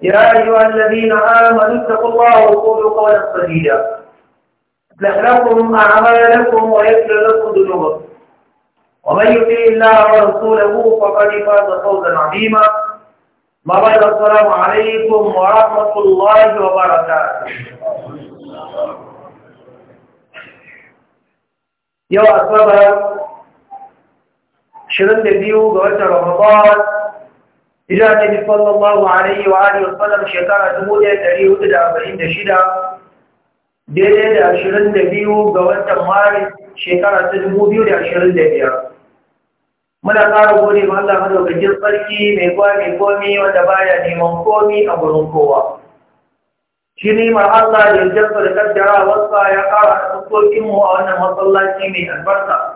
يا أيها الذين آمنوا اتقوا الله وقولوا قولا سديدا اصلح لكم أعمالكم ويغفر لكم ذنوبكم ومن يطع الله ورسوله فقد فاز فوزا عظيما ما بعد السلام عليكم ورحمة الله وبركاته يا أسباب شرط ديو غير رمضان Ina da sallallahu alaihi wa alihi wa sallam shekara 1446 daidai da 22 ga watan Maris shekara ta 2025. Muna ƙara gode ma Allah madaukakin sarki mai kwa mai komi wanda baya neman komi a gurin kowa. Shi ne ma Allah da ya da kaddara wasa ya ƙara a tsokokinmu a wannan masallaci mai albarka.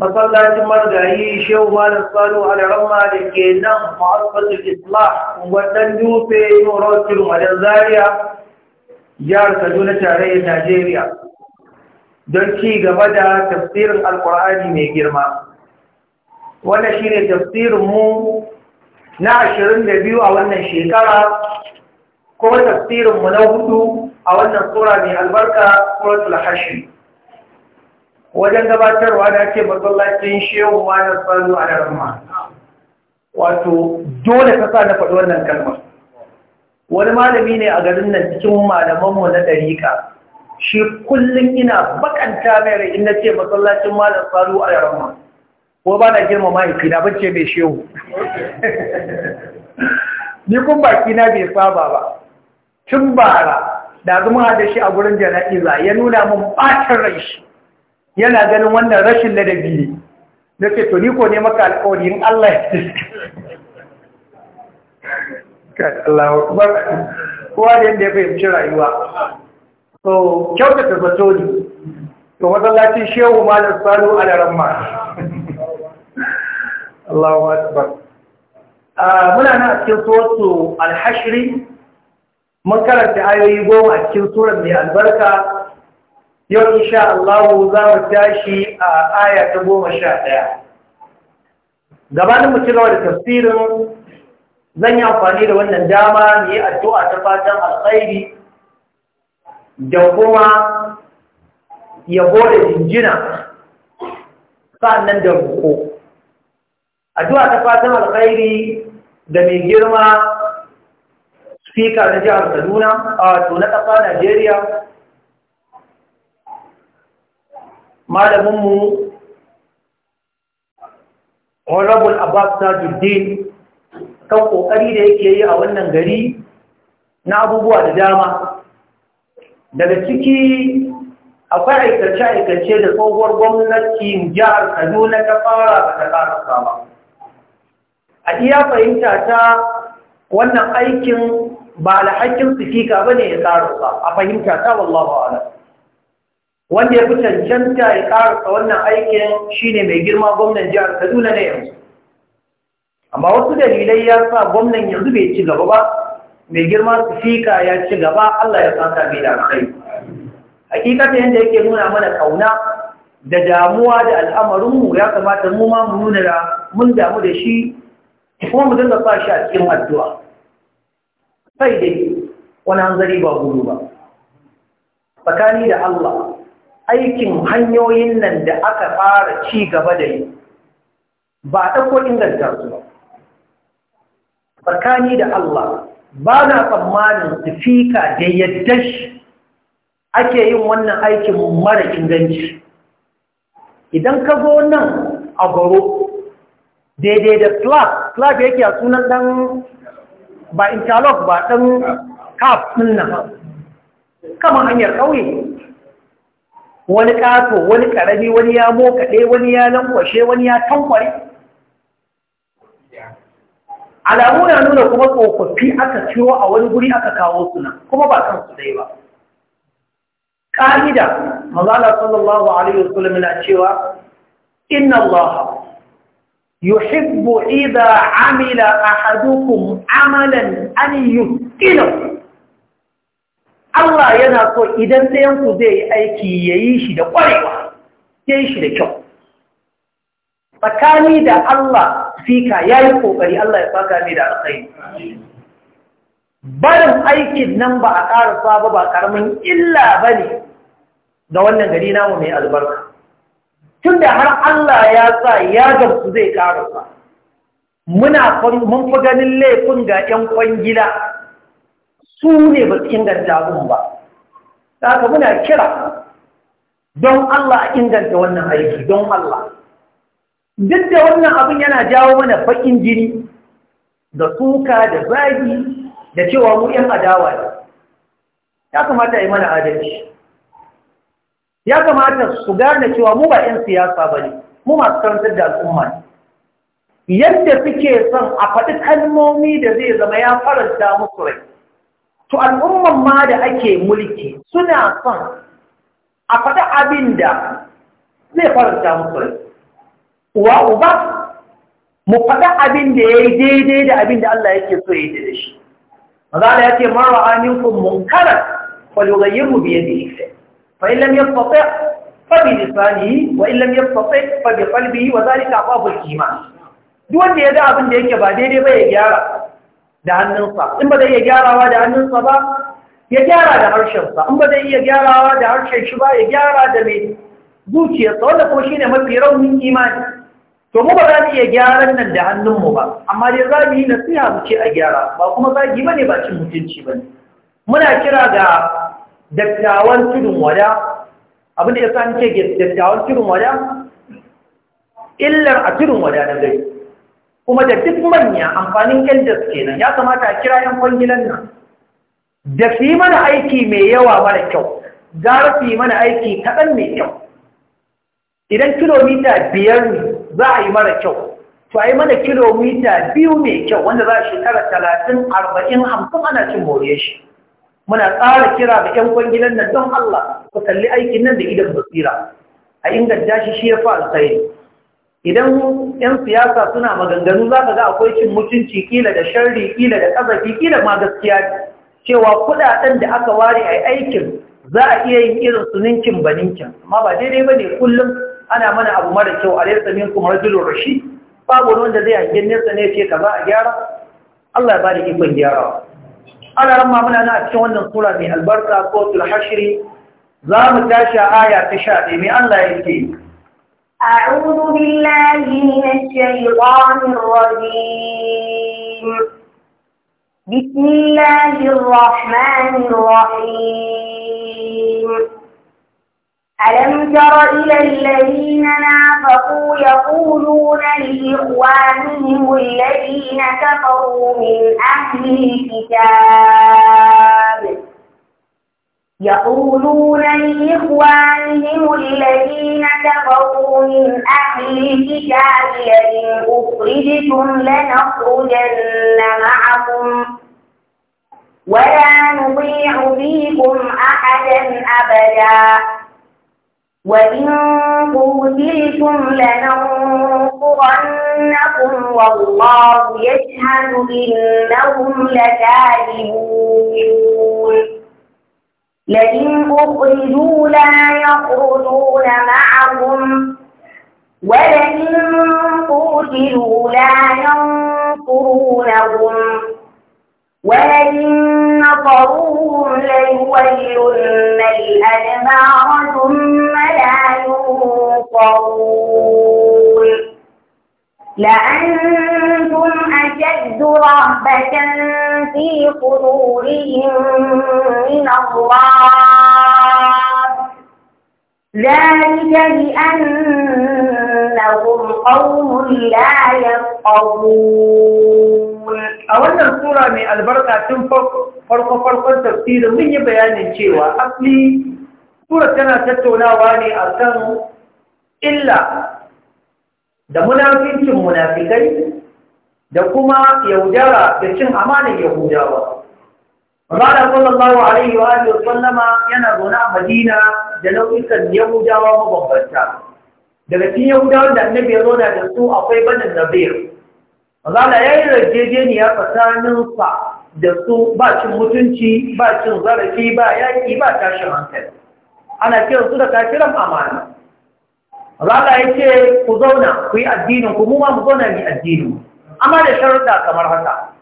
masallacin margayi shehu malam salu alarama da ke nan ma'asfatul islah wadan dufe a madan zaria jihar kaduna tarayyar najeriya don ci gaba da tafsirin alkur'ani mai girma wannan shine tafsirin mu na ashirin da biyu a wannan shekara ko tafsirin mu na hudu a wannan tsora mai albarka kuratul hashi wajen gabatarwa da ce matsalacin shehu na sanu a darma wato dole ka sa na faɗi wannan kalmar wani malami ne a garin nan cikin malamanmu na ɗariƙa shi kullum ina bakanta mai rai na ce masallacin malam sanu a darma ko ba na girma mahaifi na bance mai shehu ni kun baki na bai saba ba tun bara da zama da shi a gurin jana'iza ya nuna mun ɓacin rai shi yana ganin wannan rashin ladabi ne na ce to ni ko ne maka alƙawari yin Allah ya ce Allah kowa da yadda ya fahimci rayuwa so kyautata zato ne to masallacin shehu ma salu alaramma Allahu akbar ah, muna nan cikin suratu al mun karanta ayoyi goma a cikin surar mai albarka yau insha Allah za mu tashi a aya ta goma sha ɗaya gabanin mu gaba da tafsirin zan yi amfani da wannan dama mu yi addu'a ta fatan alkhairi da kuma yabo da jinjina sa'annan da roƙo addu'a ta fatan alkhairi da mai girma speaker na jihar Kaduna a wato na ƙasa Najeriya malaminmu honorable abbas tajuddin kan ƙoƙari da yake yi a wannan gari na abubuwa da dama daga ciki akwai aikace-aikace da tsohuwar gwamnati jihar kaduna ta fara da ta ƙarasa ba a iya fahimta ta wannan aikin ba alhakin sifika ba ne ya ƙarasa a fahimta ta wallahu ala wanda ya fi cancanta ya karasa wannan aikin shine mai girma gwamnan jihar kaduna na yanzu amma wasu dalilai ya sa gwamnan yanzu bai ci gaba ba mai girma su fika ya ci gaba allah ya sata mai da kai hakikata yadda yake nuna mana kauna da damuwa da al'amarinmu ya kamata mu ma mu nuna da mun damu da shi kuma mu dinga sa shi a cikin addu'a sai dai wani hanzari ba gudu ba tsakani da allah aikin hanyoyin nan da aka fara ci gaba da yi ba ta ko inganta su ba tsakani da Allah ba na tsammanin tafika da yadda shi ake yin wannan aikin mara inganci idan ka zo nan a goro daidai da slab slab yake a sunan dan ba interlock ba dan kaf ɗin nan kamar hanyar ƙauye wani ƙato wani ƙarami wani ya mokaɗe wani ya lankwashe wani ya tankware alamu na nuna kuma tsofaffi aka ciwo a wani guri aka kawo suna kuma ba kansu dai ba ƙa'ida mazala sallallahu alaihi wasallam na cewa inna allaha يحب amina عمل أحدكم amalan أن يتقنه Allah yana so idan ɗayanku zai yi aiki ya yi shi da ƙwarewa, ya yi shi da kyau. Tsakani da Allah fika ya yi ƙoƙari Allah ya faka ne da alkhairi. Barin aikin nan ba a ƙarasa ba ba ƙaramin illa ba ne ga wannan gari namu mai albarka. Tun da har Allah ya sa ya gamsu zai ƙarasa, muna mun fi ganin laifin ga ‘yan kwangila su ne ba su inganta abin ba da ka muna kira don Allah inganta wannan aiki don Allah duk da wannan abin yana jawo mana faƙin jini da suka da zagi da cewa mu ‘yan adawa ne ya kamata yi mana adalci ya kamata su gane cewa mu ba ‘yan siyasa ba ne mu masu karantar da al'umma ne yadda suke son a faɗi kalmomi da zai zama ya faranta musu rai to al'umman ma da ake mulki suna son a faɗa abin da zai faranta musu rai uwa uba mu faɗa abin da ya yi daidai da abin da Allah yake so ya yi da shi mazala ya ce marwa aminkum yi falugayyarmu biye da ife fa'in lam yastata fa bi lisanihi wa in lam yastata fa bi qalbihi wa zalika aqabul iman duk wanda ya ga abin da yake ba daidai ba ya gyara da hannunsa in ba zai iya gyarawa da hannunsa ba ya gyara da harshensa in ba zai iya gyarawa da harshen shi ba ya gyara da mai zuciyarsa wanda kuma shi ne mafi raunin imani to mu ba za mu iya gyaran nan da hannunmu ba amma dai za mu yi nasiha mu ce a gyara ba kuma zagi ne ba cin mutunci ba ne. muna kira ga dattawan tudun wada abin da ya sa ce dattawan tudun wada illar a tudun wada na gari kuma da duk manya amfanin elders kenan ya kamata a kira yan kwangilan nan da fi mana aiki mai yawa mara kyau gara fi mana aiki kaɗan mai kyau idan kilomita biyar ne za a yi mara kyau to a yi mana kilomita biyu mai kyau wanda za a shekara talatin arba'in hamsin ana cin more shi muna tsara kira da 'yan kwangilan nan don Allah ku kalli aikin nan da idan basira a inganta shi shi ya fi alkhairi idan yan siyasa suna maganganu za ka ga akwai cin mutunci kila da sharri kila da ƙazafi kila ma gaskiya cewa kudaden da aka ware a aikin za a iya yin irin su ninkin ba ninkin amma ba daidai ba ne kullum ana mana abu mara kyau a laisa min kuma rajulun rashi babu wanda zai hangen nesa ne ce kaza a gyara Allah ya bada ikon gyara. ana ramma muna na a cikin wannan sura mai albarka ko tulhashiri za mu tashi a aya ta sha ɗaya mai Allah ya ke yi. أعوذ بالله من الشيطان الرجيم بسم الله الرحمن الرحيم ألم تر إلى الذين نافقوا يقولون لإخوانهم الذين كفروا من أهل الكتاب يقولون لإخوانهم الذين كفروا من أهل الكتاب لئن أخرجتم لنخرجن معكم ولا نطيع فيكم أحدا أبدا وإن قتلتم لننصرنكم والله يشهد إنهم لكاذبون لئن أخرجوا لا يخرجون معهم ولئن قتلوا لا ينصرونهم ولئن نصروهم ليولن الأدبار ثم لا ينصرون لأنتم أشد رهبة في قلوبهم من الله ذلك بأنهم قوم لا يفقهون أولا سورة من البركة تنفق فرق فرق تفسير من يبيان الشيوى أصلي سورة تنا تتولى واني أرسانه إلا da munafikin munafikai da kuma yaudara da cin amanar yahudawa Allah sallallahu Alaihi wa sallama yana zaune a Madina da nau'ikan Yahudawa mabambanta. Daga cikin Yahudawan da annabi ya zauna da su akwai banin Nabir. Allah ya yi rajejeniya sa da su ba cin mutunci, ba cin zarafi, ba yaki, ba tashin hankali. Ana kiran su da kafiran amana. Allah ya ce ku zauna ku yi addinin ku mu ma mu zauna mu addinin amma da sharuɗa kamar haka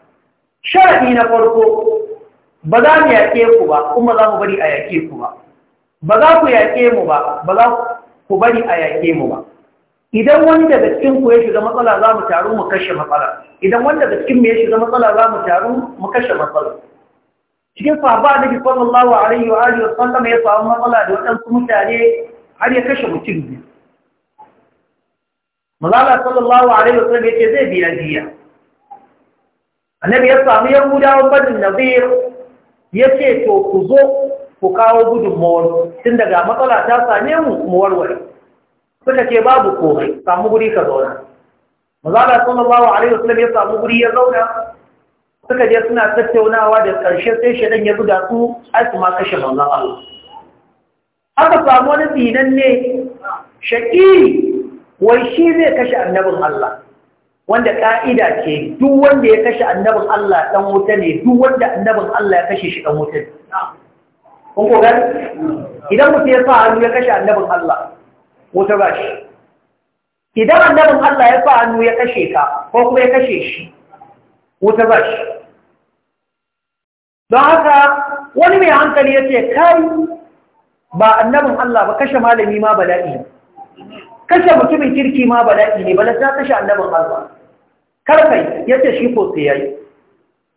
sharadi na farko ba za mu yaƙe ku ba kuma za mu bari a yaƙe ku ba ba za ku yaƙe mu ba ba za ku bari a yaƙe mu ba idan wani daga cikin ku ya shiga matsala za mu taru mu kashe matsala idan wani daga cikin mu ya shiga matsala za mu taru mu kashe matsala cikin sahaba da bi sallallahu alaihi wa alihi wa sallam ya samu matsala da waɗansu mutane har ya kashe mutum biyu mazala sallallahu alaihi wasallam yace zai biya jiya annabi ya samu yahudawan badin nazir yace to ku zo ku kawo mawar tun daga matsala ta same mu mu warware suka ce babu komai samu guri ka zauna mazala sallallahu alaihi sallam ya samu guri ya zauna suka je suna tattaunawa da ƙarshe sai shaɗan ya buga su ma kashe manzan Allah. Aka samu wani tsinan ne shaƙi wai shi zai kashe annabin Allah wanda ƙa'ida ce duk wanda ya kashe annabin Allah dan wuta ne duk wanda annabin Allah ya kashe shi dan wuta ne kun ko gani idan mutum ya sa hannu ya kashe annabin Allah wuta ba shi idan annabin Allah ya sa hannu ya kashe ka ko kuma ya kashe shi wuta ba shi don haka wani mai hankali ya ce kai ba annabin Allah ba kashe malami ma bala'i kashe mutumin kirki ma bala'i ne balas ta tashi annabin Allah karkai yace shi ko sai yayi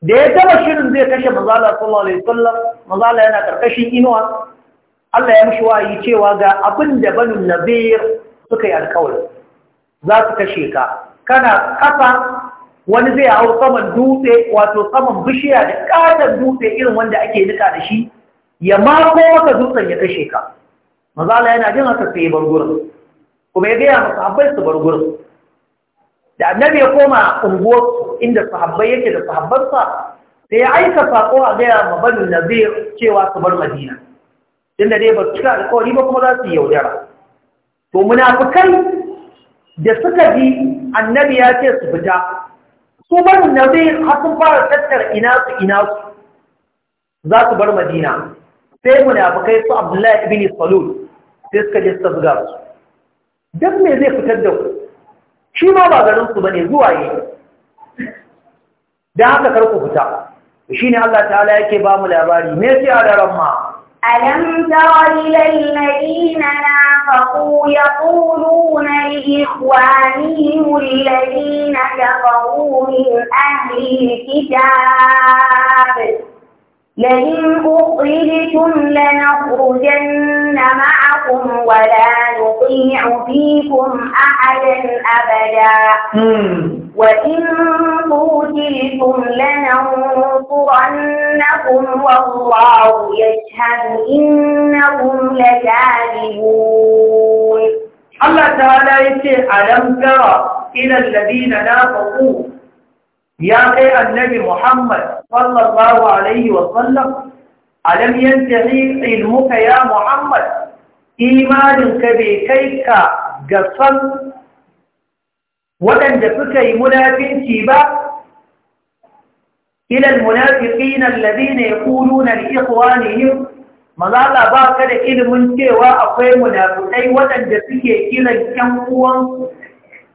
da ya taba shirin zai kashe manzala sallallahu alaihi wasallam manzala yana karkashin inuwa Allah ya mishi wayi cewa ga abin da banu nabir suka yi alƙawari za su kashe ka kana kafa wani zai hau saman dutse wato saman bishiya da katon dutse irin wanda ake nika da shi ya mako maka dutsen ya kashe ka manzala yana jin haka sai ya bar gurin kuma ya gaya masu habbai su bar gurin da annabi ya koma unguwar inda sahabbai yake da sahabbansa sai ya aika sako a gaya ma banu nazir cewa su bar madina tunda dai ba su cika alkawari ba kuma za su yi yaudara to munafukai da suka ji annabi ya ce su fita su banu nazir har sun fara tattara ina su ina su za su bar madina sai munafukai su abdullahi ibn salul sai suka je suka zuga su duk me zai fitar da ku shi ma ba garin ba ne zuwa yi Da haka karku ku fita ne Allah ta'ala yake ba mu labari me yake a daren ma ألم تر إلى الذين نافقوا يقولون لإخوانهم الذين كفروا من أهل الكتاب لئن أخرجتم لنخرجن معكم ولا نطيع فيكم أحدا أبدا وإن قتلتم لننصرنكم والله يشهد إنهم لكاذبون الله تعالى يقول ألم ترى إلى الذين نافقوا ya kai annabi Muhammad sallallahu alaihi wa sallam alam yantahi ilmuka ya Muhammad ka bai kai ka ga san waɗanda suka yi munafinci ba ilal munafiqina alladhina yaquluna li ikhwanihim mazala ba ka da ilimin cewa akwai munafikai waɗanda suke kiran ƴan uwansu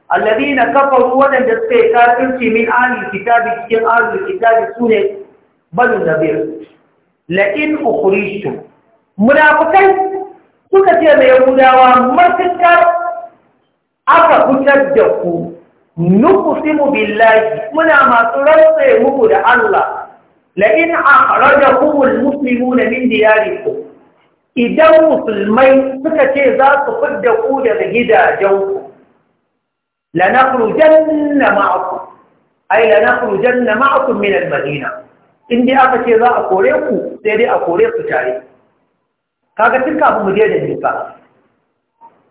alladina kafaru wadanda suka yi kafirci min ahli kitabi cikin ahli kitabi sune banu nabir la in ukhrijtum munafikai suka ce mai yahudawa matakar aka fitar da ku nuqsimu billahi muna masu rantsa muku da Allah la in akhrajakum almuslimuna min diyarikum idan musulmai suka ce za su fidda ku daga gidajenku لنخرجن معكم أي لنخرجن معكم من المدينة in dai aka ce za a kore ku sai dai a kore ku tare kaga tun kafin mu je da nisa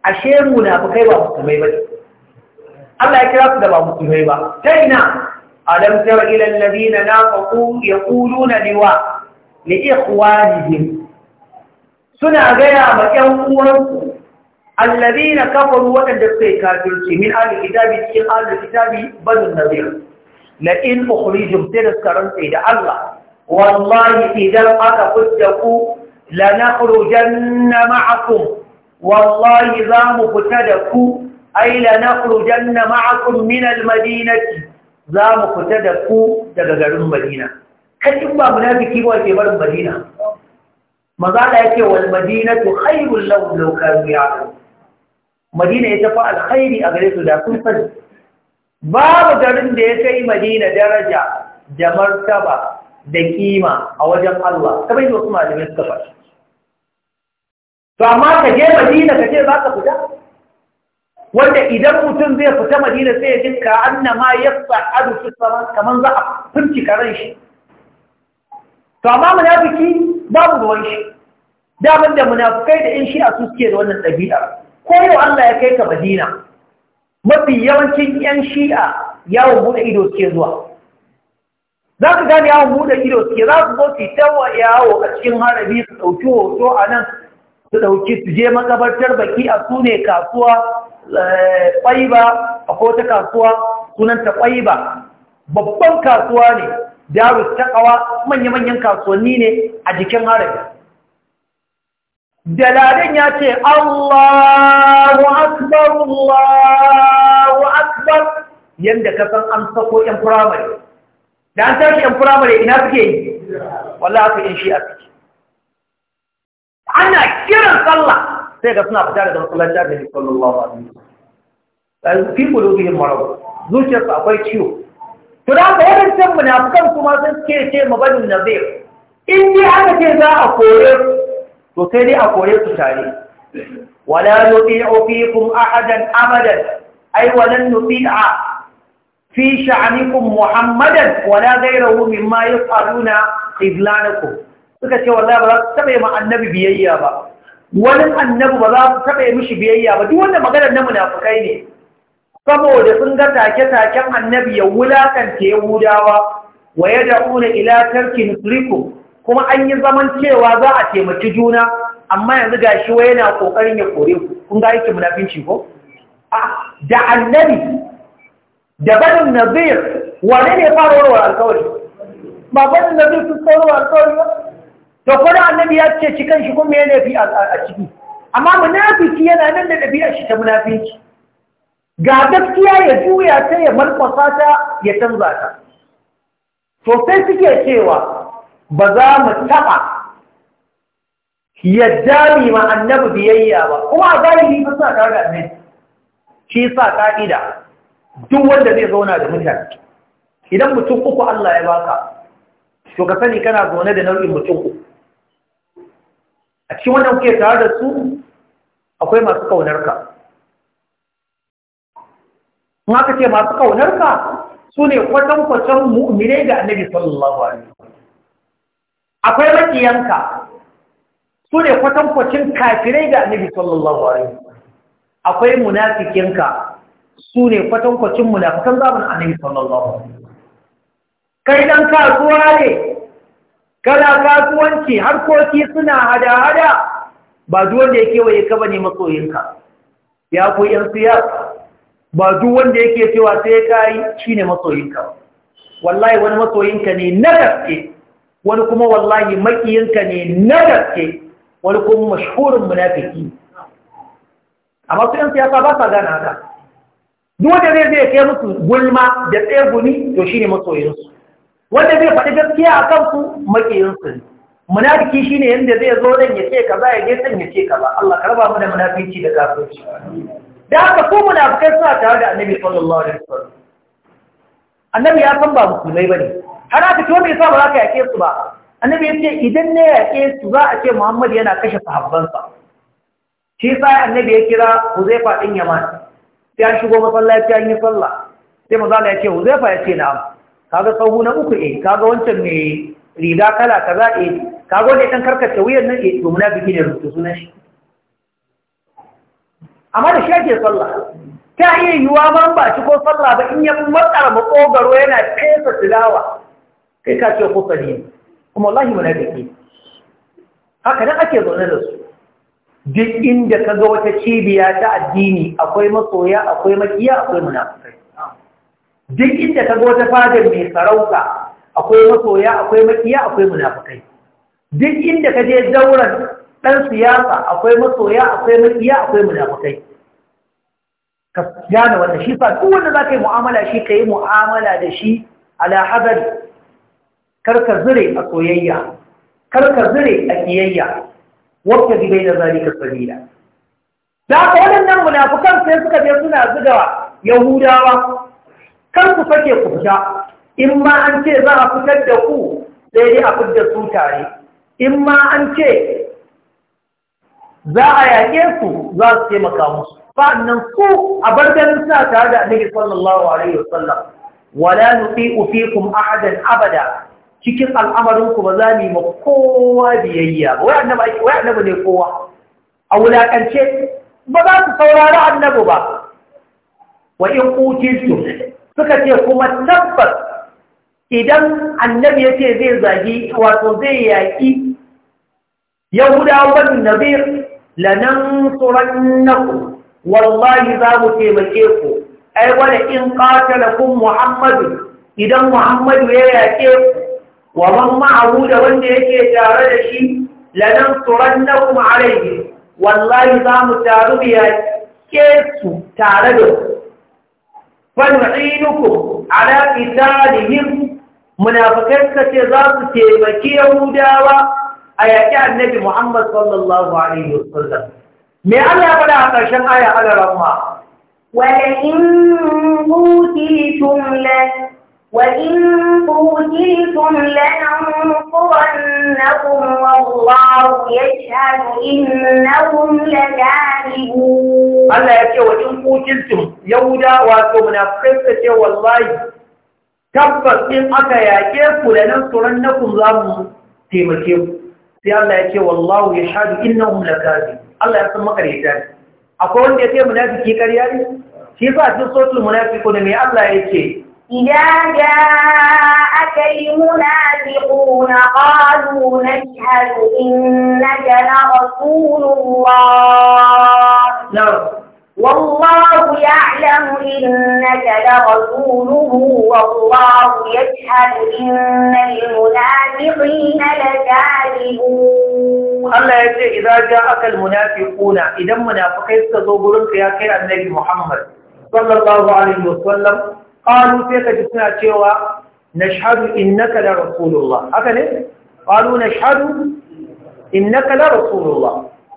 ashe mu na fi kai ba musulmai ba Allah ya kira su da ba musulmai ba ta na alam tara ila alladhina nafaqu yaquluna liwa li ikhwanihim suna gaya ma ƴan ku. allazina kafaru waɗanda suka yi kafirci min ahli kitabi cikin ahli kitabi banu nadir la in ukhrijum tadskaran sai da Allah wallahi idan aka fidda ku la nakhrujanna ma'akum wallahi za mu fita da ku ai la nakhrujanna ma'akum min al-madinati za mu fita da ku daga garin Madina ba munafiki ba ke barin Madina maza da yake wal madinatu khairul law law kanu madina ya tafi alkhairi a gare su da sun sani babu garin da ya kai madina daraja da martaba da kima a wajen Allah kamar yadda wasu malamai suka faɗi to amma ka je madina ka ce za ka fita wanda idan mutum zai fita madina sai ya jinka annama yassa adu fi sama kaman za a finci karen shi to amma munafiki babu ruwan shi damar da munafikai da in shi'a su suke da wannan ɗabi'ar ko yau Allah ya kai ka Madina mafi yawancin 'yan shi'a yawon buɗe ido ke zuwa za ka gane yawon buɗe ido ke za ku zo su tawa yawo a cikin harabi su ɗauki hoto a nan su ɗauki su je makabartar baki a su ne kasuwa eh, ƙwaiba a kota kasuwa sunanta ƙwaiba babban kasuwa ne ta ƙawa manya-manyan kasuwanni ne a jikin harabi Daladin ya ce, Allahu Akbar, Allahu Akbar, yadda ka san an sako ‘yan firamare. Da an tashi ‘yan firamare ina suke yi, Wala aka yin shi a ciki. Ana kiran sallah sai ga suna fita daga masallaci da ne sallallahu alaihi wasallam. Fi kulubihim marad, zuciyarsu akwai ciwo. To da haka wadancan munafukan kuma sun ce ce na nazir. In ji aka ce za a kore to sai dai a kore su tare wala nuti'u fikum ahadan abadan ay walan nuti'a fi sha'anikum muhammadan wala ghayrahu mimma yaf'aluna khidlanakum suka ce wallahi ba za su taɓa yi annabi biyayya ba wani annabi ba za su taɓa yi mishi biyayya ba duk wanda maganar na munafukai ne saboda sun ga take-taken annabi ya wulakanta yahudawa wa ya da'una ila tarki nusrikum kuma an yi zaman cewa za a taimaki juna amma yanzu ga shi wai yana ƙoƙarin ya kore ku kun ga yake munafinci ko da annabi da banin nazir wane ne fara warware alkawari ba banin nazir sun tsoro alkawari ba to kuma annabi ya ce cikin shi kuma yana fi a ciki amma munafiki yana nan da ɗabi'ar shi ta munafiki ga gaskiya ya juya ta ya marƙwasa ta ya canza ta to sai suke cewa ba za mu taɓa yadda mi ma annabi biyayya ba kuma a zahiri ba sa tare da annabi shi sa ka'ida duk wanda zai zauna da mutane idan mutum uku Allah ya baka to ka sani kana zaune da nau'in mutum uku a cikin wannan kuke tare da su akwai masu ƙaunarka. in aka ce masu ƙaunarka su ne kwatan-kwatan kwatan-kwatan mu'mine ga annabi sallallahu alaihi akwai makiyanka su ne kwatankwacin kafirai ga annabi sallallahu alaihi akwai munafikinka su ne kwatankwacin munafikan zaman annabi sallallahu alaihi kai dan kasuwa ne kana kasuwanci harkoki suna hada-hada ba duk wanda ya waye ka bane masoyinka ya ku yan siyasa ba duk wanda yake cewa sai kai shine masoyinka wallahi wani masoyinka ne na gaske wani kuma wallahi makiyinka ne na gaske wani kuma mashhurin munafiki amma su yin siyasa ba sa gane haka duk zai zai kai musu gulma da guni to shine masoyinsu wanda zai faɗi gaskiya a kansu makiyinsu ne munafiki ne yadda zai zo dan ya ce za a je san ya ce ka ba. Allah ka raba mu da munafici da kafirci da haka ko munafikai suna tare da Annabi sallallahu alaihi wasallam Annabi ya san ba musulmai bane har aka ce wanda sa ba za ka yake su ba annabi ce, idan ne yake su za a ce Muhammad yana kashe sahabbansa shi yasa annabi ya kira Huzaifa din Yaman sai an shigo masallaci an yi sallah sai Maza ya ce Huzaifa ya ce Ka kaga sahu na uku eh kaga wancan mai riga kala kaza eh kaga wanda dan karkata wuyan nan eh to munafiki ne rubutu sunan shi amma da shi ake sallah ta iya yiwuwa ma ba shi ko sallah ba in ya matsar makogaro yana fesa tilawa kai ka ce kusani ne kuma da ke. haka nan ake zaune da su duk inda ka ga wata cibiya ta addini akwai masoya akwai makiya akwai munafukai. duk inda ka ga wata fadar mai sarauta akwai masoya akwai makiya akwai munafukai. duk inda ka je zauren ɗan siyasa akwai masoya akwai makiya akwai munafukai. ka gane wannan shi fa duk wanda zaka yi mu'amala shi ka mu'amala da shi ala hadari karka zure a soyayya karka zure a kiyayya wata gibai da ka sabila da ka waɗannan munafukan sai suka je suna zuga yahudawa kar ku sake ku fita in ma an ce za a fitar da ku sai dai a fitar su tare in ma an ce za a yaƙe su za su taimaka musu fa'annan ku a bar ganin suna tare da annabi sallallahu alaihi wasallam wala nuti'u fikum ahadan abada cikin al'amarin ku ba za mu ma kowa biyayya ba wai annaba annabi ne kowa a wulaƙance ba za su saurari annabi ba wa in suka ce kuma tabbas idan annabi yace zai zagi wato zai yaki yahudawan nabir lanansurannakum wallahi za mu taimake ku ai wala in qatalakum Muhammadu idan Muhammadu ya yaƙe ku wa man ma'ahu da wanda yake tare da shi lanan turannakum alayhi wallahi za mu taru biya ke su tare da fan'inukum ala qitalihim munafikan ce, za su taimaki yahudawa a yaƙi annabi muhammad sallallahu alaihi wasallam me Allah ya faɗa a ƙarshen aya ala rahma mu قوتلتم لن وإن قوتلتم لننصرنكم والله يشهد إنهم لكاذبون الله يكي وإن قوتلتم يودا واتمنا فرسة والله tabbas in aka yaƙe ku da nan tsoron na ku za mu taimake ku sai Allah ya ce wallahu ya shaɗu innahum lakazi Allah ya san makarita ne akwai wanda ya ce munafiki karya ne shi yasa cikin sotul munafiqun me Allah ya ce إذا جاءك المنافقون قالوا نشهد إنك لرسول الله نعم والله يعلم إنك لرسوله والله يشهد إن المنافقين لكاذبون الله يقول إذا جاءك المنافقون إذا منافقين تزوجون في آخر النبي محمد صلى الله عليه وسلم qalu sai kaji suna cewa na in innaka la rasulullah haka ne qalu nashhadu innaka la rasulullah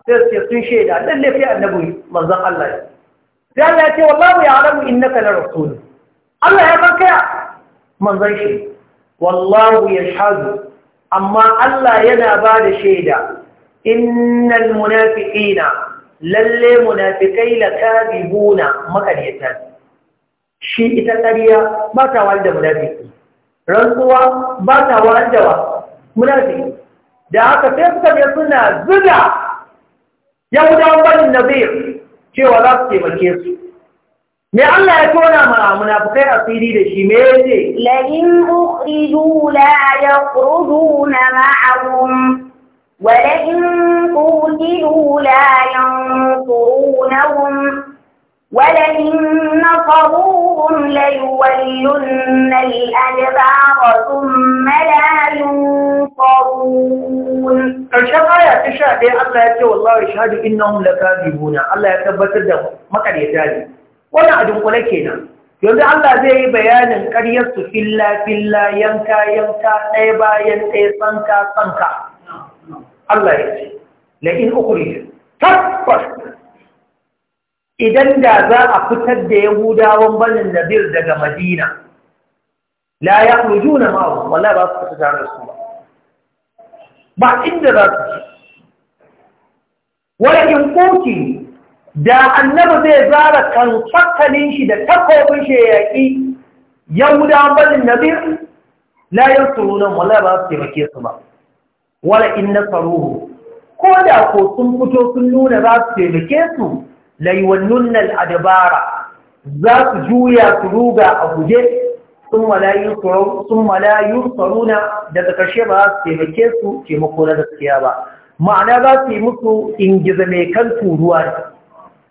sai sai sun shaida lalle kai annabi manzon Allah sai Allah ya ce wallahu ya'lamu na la rasul Allah ya san kai manzon shi wallahu ya yashhadu amma Allah yana ba da shaida innal munafiqina lalle munafiqai lakadibuna makaryatan shi ita ƙarya ba ta wani da munafiki rantsuwa ba ta wani da munafiki da haka sai suka je suna zuga yahudawan na nazir cewa za su taimake su Me Allah ya tona ma munafukai asiri da shi me yace? La in ukhriju la yakhrujuna ma'ahum wa la in qutilu la yansurunahum ولئن نصروهم ليولن الادبار ثم لا ينصرون الشفاعه تشهد الله يبكي والله يشهد انهم لكاذبون الله يثبت لهم ما قد يتالي ولا ادم ولا كينا yanzu Allah zai yi bayanin ƙaryarsu filla-filla yanka-yanka ɗaya bayan ɗaya sanka-sanka. Allah idan da za a fitar da yahudawan banin nabir daga madina la ya kuju na ma'a wallah ba su fita tare da su ba ba inda za su ce wani in koki da annabi zai zara kan tsakkanin shi da takobin shi ya yaƙi yahudawan banin nabir la ya suru na wallah ba su taimake su ba wala in nasaruhu ko da ko sun fito sun nuna za su taimake su laiwannunna al'adabara za su juya su ruga a guje sun malayun faruna daga ƙarshe ba su taimake su taimako na gaskiya ba ma'ana za su yi musu ingiza mai kan turuwa ne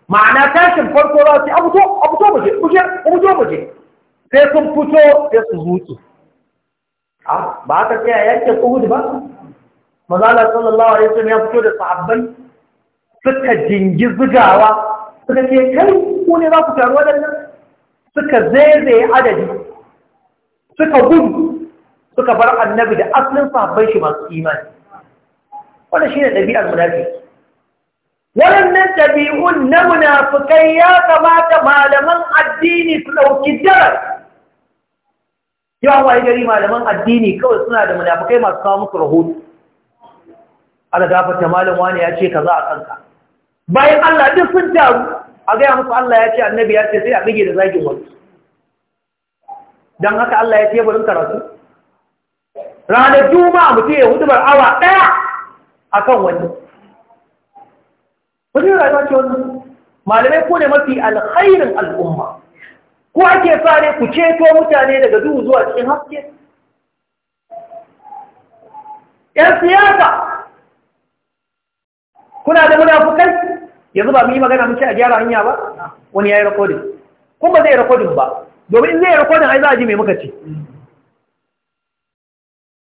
ma'ana tashin farko za su abuto abuto muje abuto muje sai sun fito sai su zuki ba ka tsaya yankin uhud ba mazala sallallahu alaihi wasallam ya fito da sahabbai suka jingi zigawa suka ce kai ku ne za ku taru waɗannan suka zaizaye adadi suka gudu suka bar annabi da asalin sahabban shi masu imani wanda shi ne ɗabi'ar munafiki waɗannan ɗabi'un na munafukai ya kamata malaman addini su ɗauki jarar yawan waye gari malaman addini kawai suna da munafukai masu kawo musu rahoto ala gafata malam wani ya ce ka za a kanka bayan Allah duk sun taru a gaya musu Allah ya ce annabi ya ce sai a bige da zagin wani don haka Allah ya ce barin karatu ranar juma'a mutum ya hudubar awa ɗaya a kan wani kudin rayuwa ce wani malamai ko ne mafi alkhairin al'umma ko ake sa ne ku ceto mutane daga duhu zuwa cikin haske ‘yan siyasa kuna da munafukai yanzu ba mu yi magana mun ce a gyara hanya ba wani ya yi rikodin kuma ba zai rikodin ba domin in zai rikodin ai za a ji mai muka ce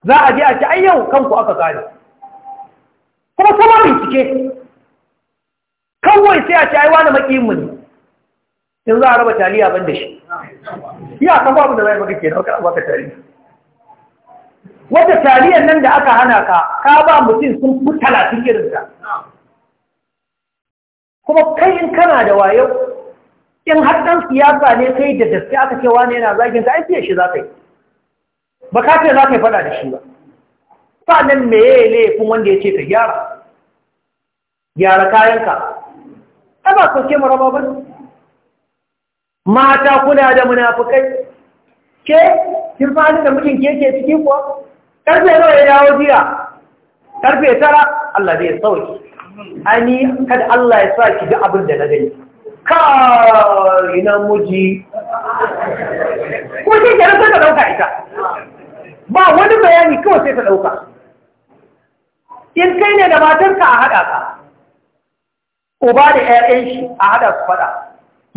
za a je a ce ai yau kanku aka kare kuma kuma cike. kawai sai a ce ai wani makiyin mu ne in za a raba taliya ban da shi ya kan babu da zai maka ke daukar baka taliya wata taliyan nan da aka hana ka ka ba mutum sun fi talatin irinta kuma kai in kana da wayo in har ɗan siyasa ne kai da gaske aka ce wani yana zagin ka ai fiye shi za ka yi ba ka ce za ka yi faɗa da shi ba sa'annan me ya yi laifin wanda ya ce ka gyara gyara kayanka ai ba sauke mu ba mata kula da munafukai ke kin fani da mijin ke ke cikin kuwa karfe nawa ya dawo jiya karfe tara Allah zai sauke ani kada Allah ya sa ki ga abin da na gani kai muji ko sai ki rasa dauka ita ba wani bayani kawai sai ta dauka in kai ne da matarka a hada ka uba da ƴaƴan shi a hada su fada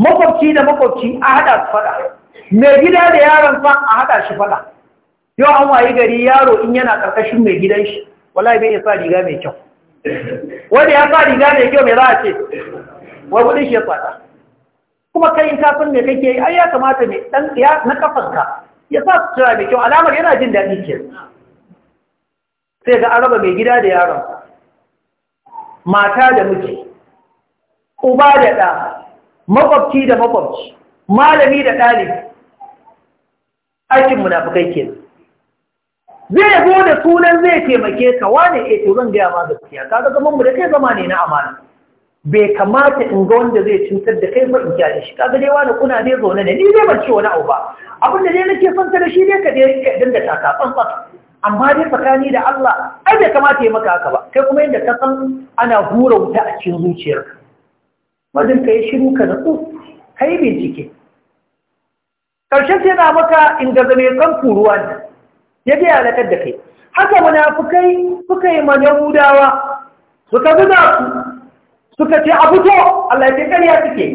makwabci da makwabci a hada su fada mai gida da yaron fa a hada shi fada yau an wayi gari yaro in yana karkashin mai gidan shi wallahi bai isa riga mai kyau Wani ya fari riga mai kyau mai za a ce wai kudin shi ya fata. kuma kai in kafin me kake yi ai ya kamata mai dan ya na kafanka ya sa su mai kyau alamar yana jin daɗi ke sai ga araba mai gida da yaron mata da miji uba da ɗa makwabci da makwabci malami da ɗalibi aikin munafukai kenan zai zo da sunan zai taimake ka wane eh to zan gaya ma gaskiya ga zaman mu da kai zama ne na amana bai kamata in ga wanda zai cutar da kai ba in kyale shi kaga dai wani kuna ne zaune ne ni dai ban wani abu ba abin da dai nake son ta da shi dai ka dai ka dinga taka tsantsan amma dai tsakani da Allah ai bai kamata ya maka haka ba kai kuma yanda ka san ana hura wuta a cikin zuciyarka wajen ka yi shiru ka natsu Kai bincike ƙarshen sai na maka in ga zame kan turuwa ne ya je halakar da kai haka munafukai suka yi ma yahudawa suka zuga su suka ce a fito Allah ya kariya suke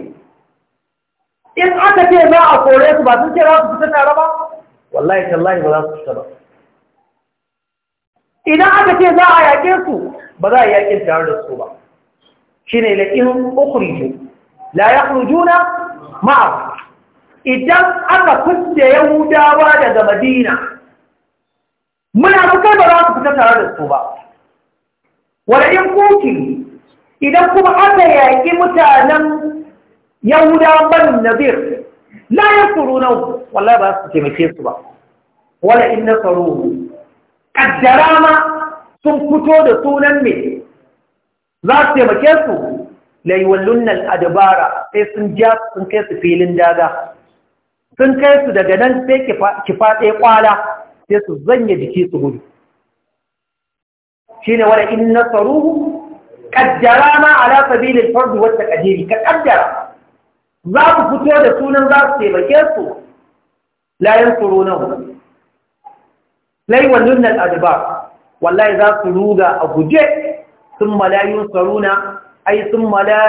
in aka ce za a kore su ba sun ce za su fita tare ba wallahi tallahi ba za su fita ba idan aka ce za a yaƙe su ba za a yaƙe tare da su ba shi ne laƙin ukhriju la yakhrujuna ma'a idan aka fuske yahudawa daga madina Muna munafukai ba za su fita tare da su ba wala in kuke idan kuma aka yaƙi mutanen yahuda ban nazir la na wallahi ba su taimake su ba wala in nasaruhu kaddara ma sun fito da sunan me za su taimake su la yuwallunna sai sun ja sun kai su filin daga sun kai su daga nan sai ki faɗe kwala sai su zanya jiki su gudu shine wala in nasaruhu qaddara ma ala sabil al-fard wa ka za su fito da sunan za su taimake su la yansurunahu lai wallun al-adbar wallahi za su ruga a guje thumma la yunsaruna ay thumma la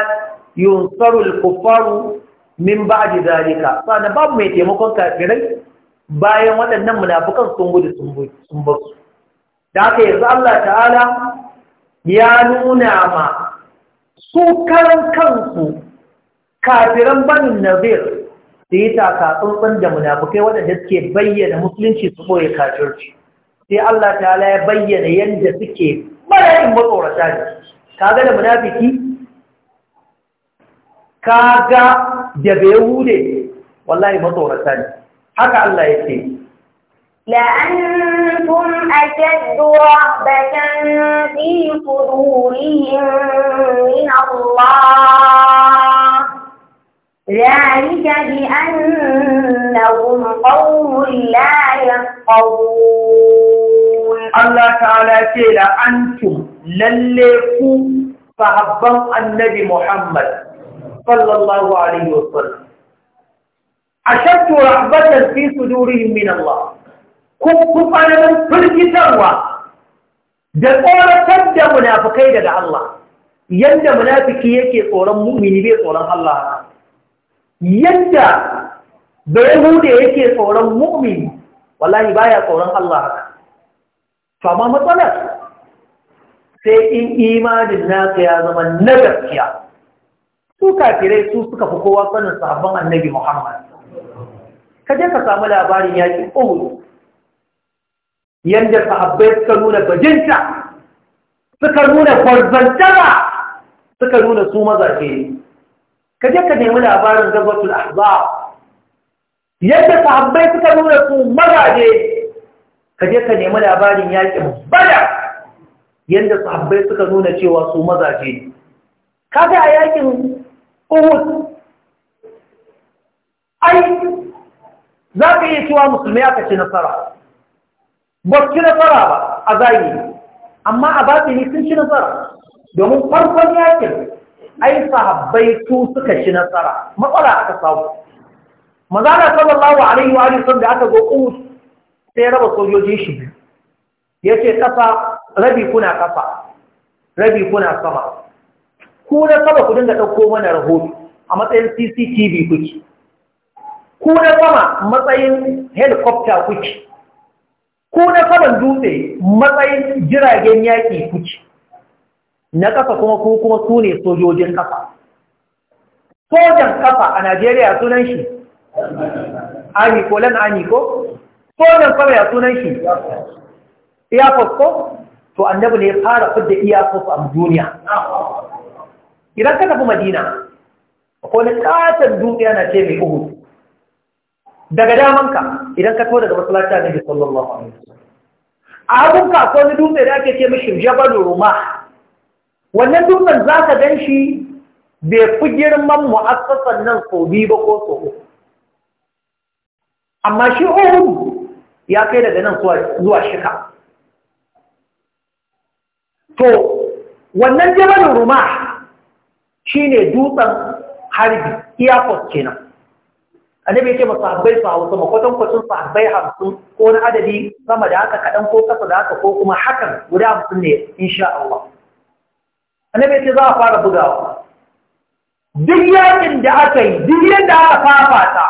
yunsaru al-kuffaru min ba'di dhalika sana babu mai taimakon kafirai bayan waɗannan munafukan sun gudu sun basu da haka yanzu Allah ta'ala ya nuna ma su karan kansu kafiran banin nazir su yi taka tsuntsun da munafukai waɗanda suke bayyana musulunci su ɓoye kafirci sai Allah ta'ala ya bayyana yadda suke malayin matsorata ne ga da munafiki ga da bai hude wallahi matsorata ne حكى الله yake لأنتم أشد رهبة في صدورهم من الله ذلك بأنهم قوم لا يفقهون الله تعالى يقول أنتم لليكم صحبا النبي محمد صلى الله عليه وسلم ashattu rahbatan fi sudurihim min Allah kufanin firgitarwa da tsoratar da munafikai daga Allah yadda munafiki yake tsoron mu'mini bai tsoron Allah yadda bayahude yake tsoron mu'mini wallahi baya tsoron Allah to amma matsalar sai in imanin naka ya zama na gaskiya su kafirai su suka fi kowa sanin sahabban annabi Muhammad ka je ka samu labarin yakin uhud yadda sahabbai suka nuna bajinta suka nuna kwarzantara suka nuna su mazaje ne ka je ka nemi labarin gazwatul ahzab yadda sahabbai suka nuna su mazaje ka je ka nemi labarin yakin bada yadda sahabbai suka nuna cewa su mazaje Ka ga a yakin uhud ai za ka iya cewa musulmi aka ce nasara ba ci nasara ba a zahiri amma a batini sun ci nasara domin farkon yakin ai sahabbai su suka ci nasara matsala aka samu mazana sallallahu alaihi wa sallam da aka zo sai raba sojojin shi biyu yace kasa rabi kuna kasa rabi kuna sama ku na saba ku dinga ɗauko mana rahoto a matsayin CCTV kuke ku na sama matsayin helicopter kuke ku na saman dutse matsayin jiragen yaƙi kuke na ƙasa kuma ku kuma su ne sojojin ƙasa sojan ƙasa a najeriya sunan shi ami ko lan ami ko sojan sama ya sunan shi iyakos ko to annabi ne ya fara fidda iyakos a duniya idan ka tafi madina akwai wani ƙaton dutse yana ce mai uhu daga damanka idan ka kawo daga masallaci annabi sallallahu alaihi wasallam a abunka akwai ni dutse da ake ce mashi jabal rumah wannan dutsen za ka gan shi bai fi girman mu'assasan nan sau biyu ba ko so. amma shi ohun ya kai daga nan zuwa shika to wannan jabalin ruma shi ne dutsen harbi iyakos kenan annabi yake ce ba sahabbai su hausa ba kwatan kwatan sahabbai hamsin ko na adadi sama da haka kaɗan ko kasa da haka ko kuma hakan guda hamsin ne insha Allah annabi yake ce za a fara bugawa duk yakin da aka yi duk yadda aka fafata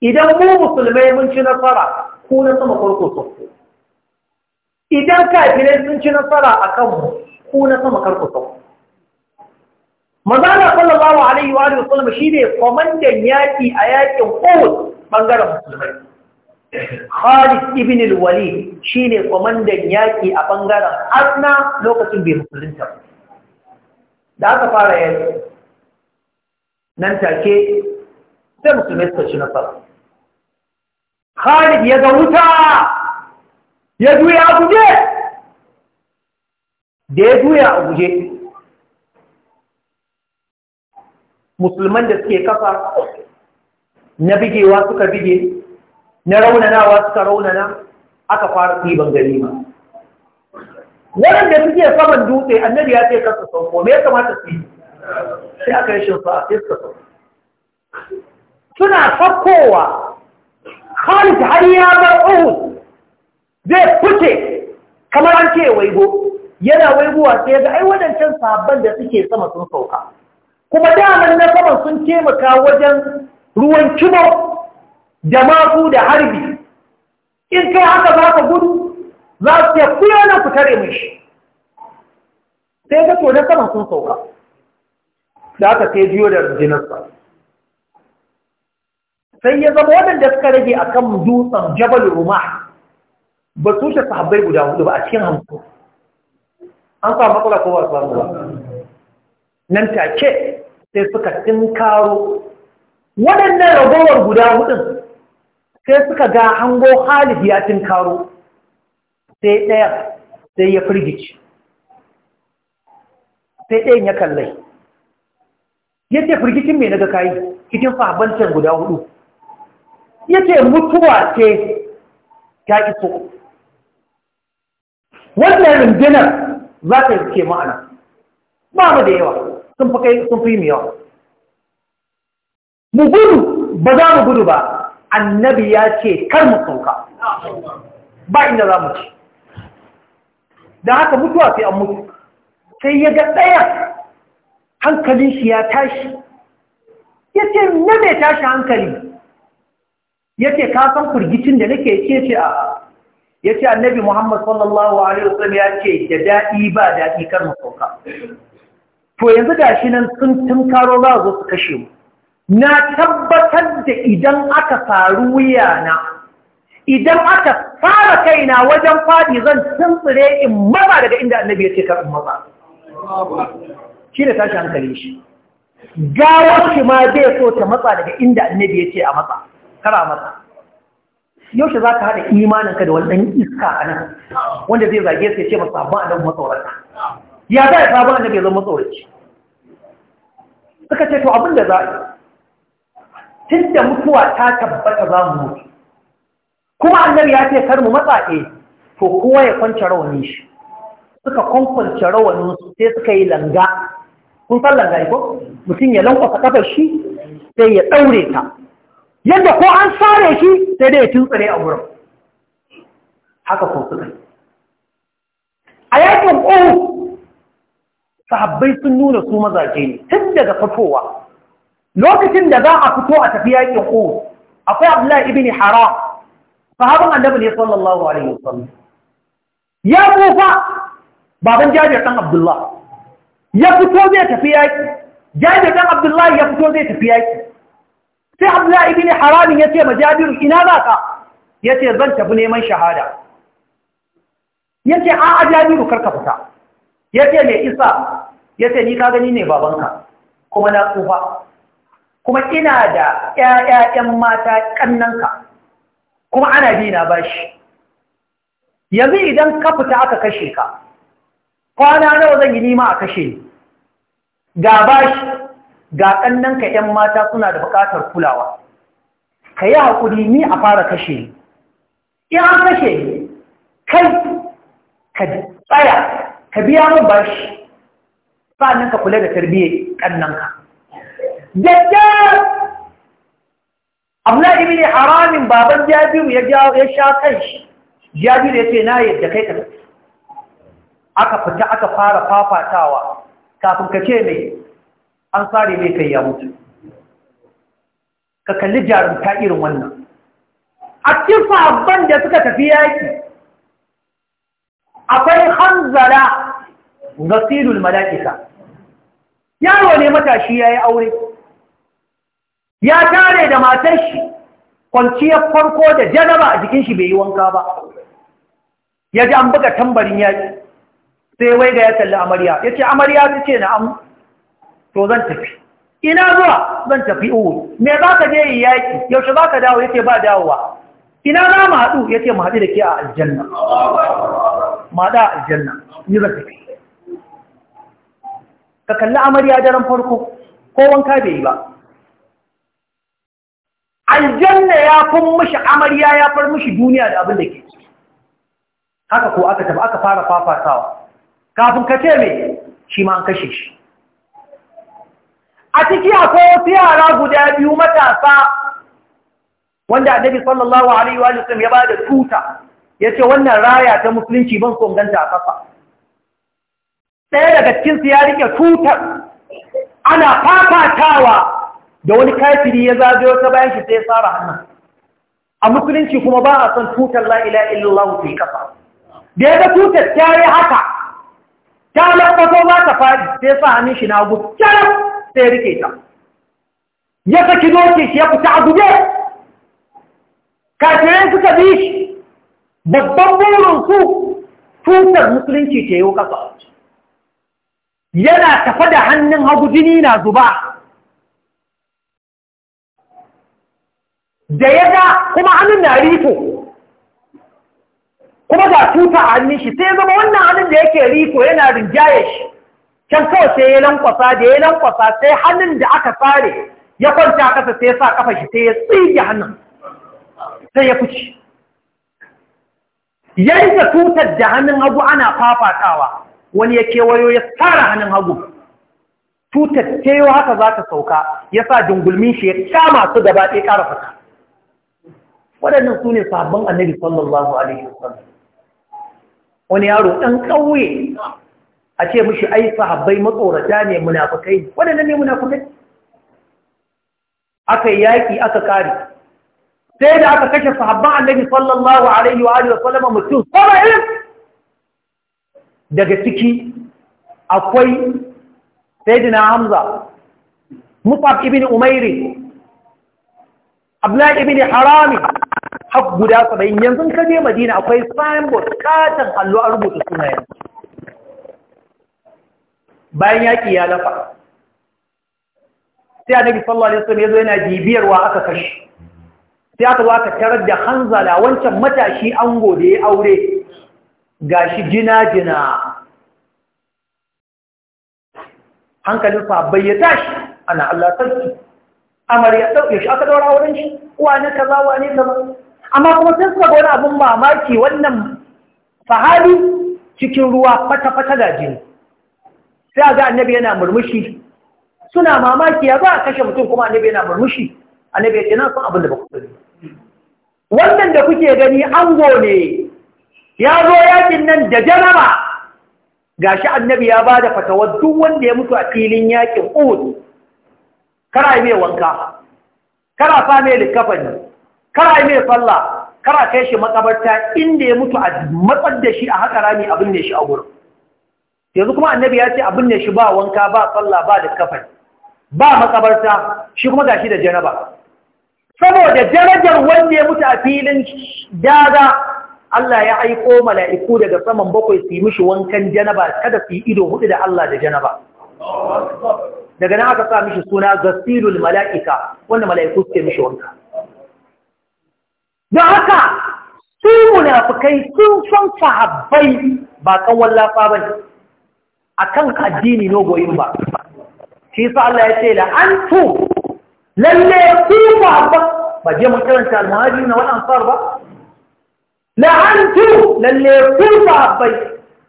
idan mu musulmai mun ci nasara ko na sama farko sauko idan kafirai sun ci nasara a kanmu ko na sama karku sauko Mazana sallallahu Alaihi wa sallam shi ne kwamandan yaƙi a yaƙin Uhud ɓangaren musulmai. Khalid ibn al-Walid shi ne kwamandan yaƙi a ɓangaren Asna lokacin bai musulunta. Da aka fara yaƙi, nan take sai musulmai suka ci nasara. Khalid ya ga wuta ya juya guje? Da ya juya a guje, musulman da suke kafa na bigewa suka bige na raunanawa suka raunana aka fara ɗiban ganima waɗanda suke saman dutse annabi ya ce kasa ko me ya kamata su yi sai aka yi shinsu a sai suka suna saukowa khalid har ya bar uhud zai fice kamar an ce waigo yana waigowa sai ga ai waɗancan sahabban da suke sama sun sauka kuma daman na sama sun taimaka wajen ruwan kimo da mafu da harbi in kai haka za ka gudu za su ya kuyo na ku tare mai shi sai ka to na saman sun sauka da aka sai biyo da jinarsa sai ya zama waɗanda suka rage a kan dutsen jabal rumah ba su shi sahabbai guda hudu ba a cikin hanku an samu matsala kowa samu ba nan take sai suka tinkaro waɗannan ragowar guda hudun sai suka ga hango halif ya tinkaro sai ɗaya sai ya firgici sai ɗayan ya kallai ya ce firgicin mai daga kayi cikin fahimtar guda hudu ya ce mutuwa ce ta iso wannan rundunar za ta yi suke ma'ana ba mu da yawa sun fi kai sun fi mu mu gudu ba za mu gudu ba annabi ya ce kar mu sauka ba inda za mu ci da haka mutuwa sai an mutu sai ya ga ɗaya hankalin shi ya tashi ya ce na mai tashi hankali ya ce kasan firgicin da nake ce ce a ya ce annabi muhammad sallallahu alaihi wasallam ya ce da daɗi ba daɗi kar mu sauka to yanzu ga shi nan sun tunkaro za zo su kashe mu na tabbatar da idan aka faru wuyana idan aka fara kaina wajen faɗi zan tuntsire in maza daga inda annabi ya ce in maza shi da tashi hankali shi gawar shi ma zai so ta matsa daga inda annabi ya ce a matsa kara matsa yaushe za ka haɗa imaninka da wani ɗan iska a nan wanda zai zage sai ce masu abin annabi matsaurata ya za a sabon bai zama tsoraci suka ce to abinda za a yi tun da mutuwa ta tabbata za mu mutu kuma annabi ya ce kar mu matsaƙe eh, to kowa ya kwanci rawanin shi suka kwankwanci rawanin su sai suka yi langa kun san langa ko mutum ya lankwasa kafar shi sai ya ɗaure ta yadda ko an sare shi sai dai ya tuntsare a wurin haka ko suka yi. a yakin ƙohu sahabbai sun nuna su mazaje ne tun daga fitowa lokacin da za a fito a tafi yakin uhud akwai abdullahi ibn haram sahabban annabi ne sallallahu alaihi wasallam ya kofa baban jabir dan abdullah ya fito zai tafi yaki jabir dan abdullah ya fito zai tafi yaki sai abdullahi ibn haram ya ce ma jabir ina za ka ya ce zan tafi neman shahada ya ce a a jabiru karka fita ya ce mai isa ya ce ni ka gani ne babanka kuma na tsufa kuma ina da ‘ya'ya'yan mata ƙannanka kuma ana bi na bashi yanzu idan ka fita aka kashe ka kwana nawa zan yi nima a kashe ga bashi ga ƙannanka ‘yan mata suna da buƙatar kulawa ka yi haƙuri ni a fara kashe ni in an kashe ni kai ka tsaya ka biya min bashi nan ka kula da tarbiyyar ƙannanka daddar abla ne haramin baban jabiru ya sha kan shi jabiru ya na yadda kai ka aka fita aka fara fafatawa kafin ka ce mai an sare mai kai ya mutu ka kalli jarumta irin wannan a cikin sabon da suka tafi yaki akwai hanzara gasilul mala'ika yaro ne matashi ya yi aure ya tare da matar shi kwanciyar farko da janaba a jikin shi bai yi wanka ba ya ji an buga tambarin yaki, sai wai ga ya kalli amarya ya ce amarya su ce na am to zan tafi ina zuwa zan tafi uwu me za ka je yi yaki? yaushe za ka dawo ya ce ba dawowa ina za mu haɗu ya ce mu haɗu da ke a aljanna ma da aljanna ni zan tafi ka kalli amarya daren farko ko wanka bai yi ba aljanna ya kun mishi amarya ya far mishi duniya da abin da ke haka ko aka tafi aka fara fafatawa kafin ka ce mai shi ma an kashe shi a ciki akwai wasu yara guda biyu matasa wanda annabi sallallahu alaihi wa sallam ya bada tuta yace wannan raya ta musulunci ban son ganta a kafa ɗaya daga cinsu ya rike tutar ana fafatawa da wani kafiri ya zagayo wata bayan shi sai tsara hannun a musulunci kuma ba a son tutar la'ila illallah ta yi ƙasa da ya tutar ta yi haka ta lafafa za ta faɗi sai sa hannun shi na gu sai rike ta ya saki doke shi ya fita a guje kafirin suka bi shi babban burin tutar musulunci ce yi ƙasa yana tafa da hannun hagu jini na zuba da ya ga kuma hannun na rifo kuma ga tuta a hannun shi sai zama wannan hannun da yake rifo yana rinjaye shi can kawai sai ya lankwasa da ya lankwasa sai hannun da aka fare ya kwanta kasa sai ya sa kafa shi sai ya tsige hannun sai ya fice ya da tutar da hannun hagu ana fafatawa wani ya kewayo ya tsara hannun hagu tutar teyo haka za ta sauka ya sa jungulmin shi ya sha masu gaba ɗaya ƙara fata waɗannan su ne sabon annabi sallallahu alaihi wasallam wani yaro ɗan ƙauye a ce mushi ai sahabbai matsorata ne munafukai waɗannan ne munafukai aka yi yaƙi aka ƙari sai da aka kashe sahabban annabi sallallahu alaihi wa alihi wa sallama mutum daga ciki akwai sai hamza musab ibn umairi abdullahi ibn harami har guda saba'in yanzu ka je madina akwai signboard katon allo a rubuta sunayen bayan yaƙi ya lafa sai annabi sallallahu alaihi wasallam yazo yana bibiyarwa aka kashi sai aka zo aka tarar da hanzala wancan matashi ango an gode aure Ga shi jina-jina hankalin fa ya tashi ana Allah sarki amar ya sauke shi aka daura wurin shi wane kaza ka kaza amma kuma sun saba wani abin mamaki wannan fahari cikin ruwa fata-fata ga jini sai a ga annabi yana murmushi suna mamaki ya za a kashe mutum kuma annabi yana murmushi annabi ya ce na sun abin da ba ku sani wannan da kuke gani ango ne ya zo yakin nan da janaba gashi annabi ya bada fatawar duk wanda ya mutu a filin yakin Uhud kara mai wanka kara fa mai likafani kara mai falla kara kai shi makabarta inda ya mutu a matsar da shi a haka rami abin ne shi a wurin yanzu kuma annabi ya ce abin ne shi ba wanka ba falla ba likafan ba makabarta shi kuma gashi da janaba saboda darajar wanda ya mutu a filin daga Allah ya aiko mala'iku daga saman bakwai su yi mishi wankan janaba kada su yi ido hudu da Allah da janaba daga nan aka sa mishi suna gasilul mala'ika wanda mala'iku suke mishi wanka don haka su munafukai sun san sahabbai ba kan wallafa ba ne a kan addini no ba shi sa Allah ya ce la'antu lalle ku ba ba je makaranta almuhajiri na wani ansar ba la'antu lalle ku sahabbai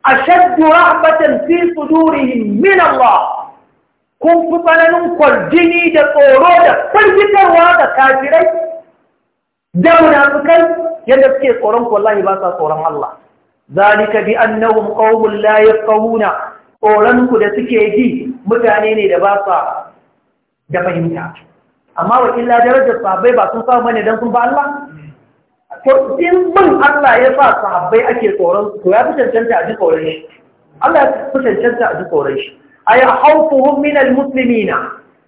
ashaddu rahbatan fi sudurihim min Allah kun fi tsananin kwarjini da tsoro da firgitarwa da kafirai da munafukai yadda suke tsoron wallahi ba sa tsoron Allah zalika bi annahum qaumun la yafqahuna tsoron ku da suke ji mutane ne da ba sa da fahimta amma wa illa darajar sahabbai ba sun samu ne dan sun ba Allah to in bin Allah ya sa sahabbai ake tsoron to ya fi cancanta a ji tsoron shi Allah ya fi cancanta a ji tsoron shi ay khawfuhum min almuslimina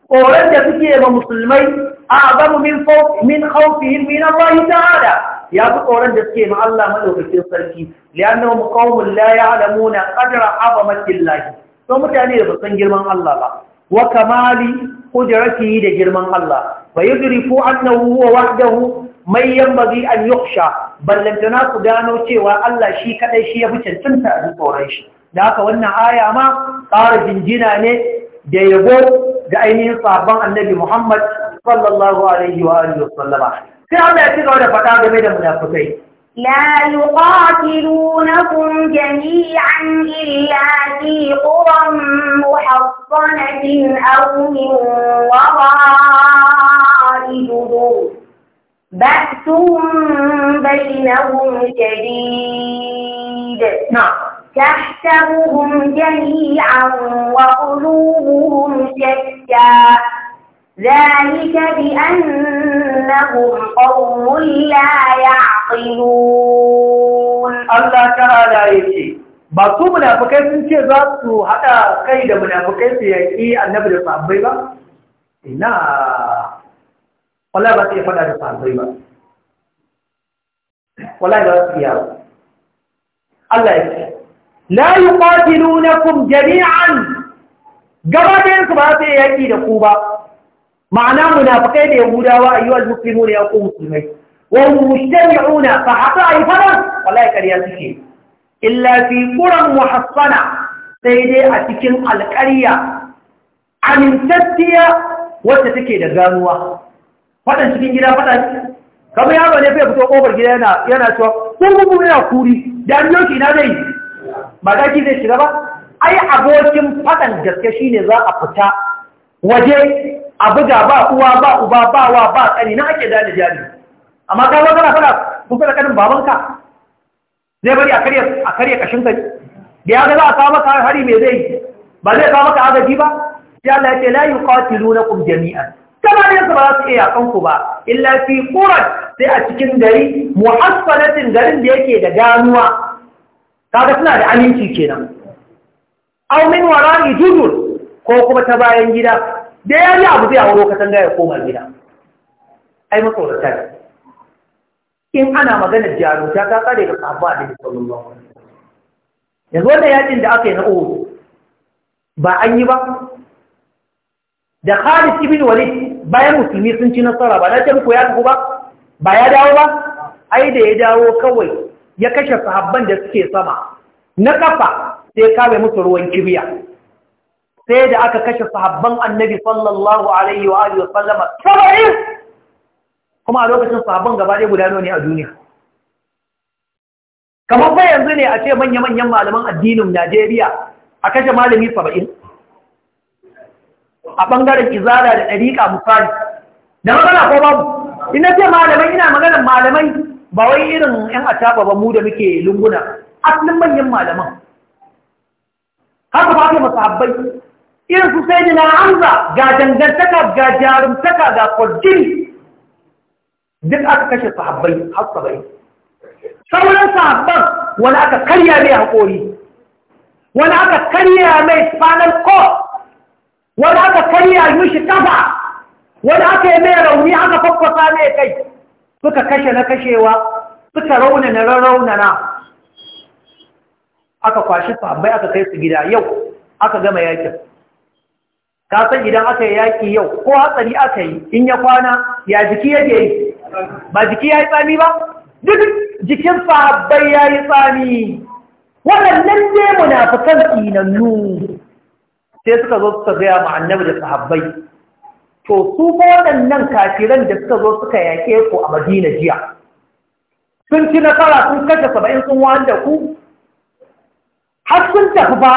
tsoron da suke ma musulmai a'zamu min fawq min khawfihim min Allah ta'ala ya fi tsoron da suke ma Allah madaukakin sarki li'annahum qaumun la ya'lamuna qadra 'azamatillahi to mutane da ba san girman Allah ba wa kamali qudratihi da girman Allah fa yudriku annahu huwa wahdahu mai yambazi an yuksha ballantana ku gano cewa Allah shi kaɗai shi ya fi cancanta a tsoron shi da haka wannan aya ma ƙara jinjina ne da yabo ga ainihin sabon annabi Muhammad sallallahu alaihi wa alihi sallama. sai Allah ya ci gaba da faɗa game da munafukai لا يقاتلونكم جميعا إلا في قرى محصنة أو من وراء بأسهم بينهم شديد نعم تحسبهم جميعا وقلوبهم شتى ذلك بأنهم قوم لا يعقلون الله تعالى يشي ba su munafukai sun ce za su haɗa kai da munafukai su yaƙi annabi da sabbai ba ina wallahi ba su iya faɗa da sahabbai ba wallahi ba su iya ba Allah ya ce la yuqatilunakum jami'an gaba ɗayan ku ba su iya yaƙi da ku ba ma'ana munafikai da yahudawa ayyuhal muslimuna ya ku musulmai wa hum mujtami'una fa haqa ay fadan wallahi kariya suke illa fi quran muhassana sai dai a cikin alƙarya amintacciya wacce take da ganuwa faɗan cikin gida faɗa kamar yaro ne fai fito ƙofar gida yana yana cewa kurkuku yana kuri da an yau ina zai ki zai shiga ba ai abokin faɗan gaske shine za a fita waje a buga ba uwa ba uba ba wa ba tsani na ake gane jami amma ka zo kana faɗa kusa da kanin babanka zai bari a karya a karya kashin kai da ya ga za a kawo maka hari me zai ba zai kawo maka agaji ba sai Allah ya ce la yuqatilunakum jami'an gabaninsa ba za su iya yakan ku ba illa fi quran sai a cikin gari muhassanatin garin da yake da ganuwa kaga suna da aminci kenan aw min wara'i judul ko kuma ta bayan gida da ya yi abu zai hauro katanga ya koma gida ai matsorata ne in ana maganar jarumta ta kare da sabu a sallallahu yanzu wannan yakin da aka yi na uhu ba an yi ba da Khalid ibn Walid bayan musulmi sun ci nasara ba na tafi muku ya tafi ba ba ya dawo ba ai da ya dawo kawai ya kashe sahabban da suke sama na kafa sai kawe musu ruwan kibiya sai da aka kashe sahabban annabi sallallahu alaihi wa alihi wasallama saba'in kuma a lokacin sahabban gaba ɗaya guda ne a duniya kamar fa yanzu ne a ce manya-manyan malaman addinin Najeriya a kashe malami saba'in a ɓangaren izara da ɗariƙa misali da magana ko babu ina ce malamai ina maganar malamai ba wai irin 'yan ataba ba mu da muke lunguna asalin manyan malaman haka ba ke masahabbai irin su sai na hamza ga dangantaka ga jarumtaka ga kwarjini duk aka kashe sahabbai har bai sauran sahabban wani aka karya mai haƙori wani aka karya mai spinal cord wani aka karya mishi kafa wani aka yi mai rauni aka faffasa mai kai suka kashe na kashewa suka raunana aka kwashi sahabbai aka kai su gida yau aka gama yakin kasan idan aka yi yaƙi yau ko hatsari aka yi in ya kwana ya jiki yake yi ba jiki ya yi tsami ba duk jikin sahabbai ya yi tsami waɗannan ne munafukan tsinannu sai suka zo suka gaya ma annabi da sahabbai to su ko waɗannan kafiran da suka zo suka yaƙe ku a madina jiya sun ci nasara sun kashe saba'in sun wanda ku har sun tafi ba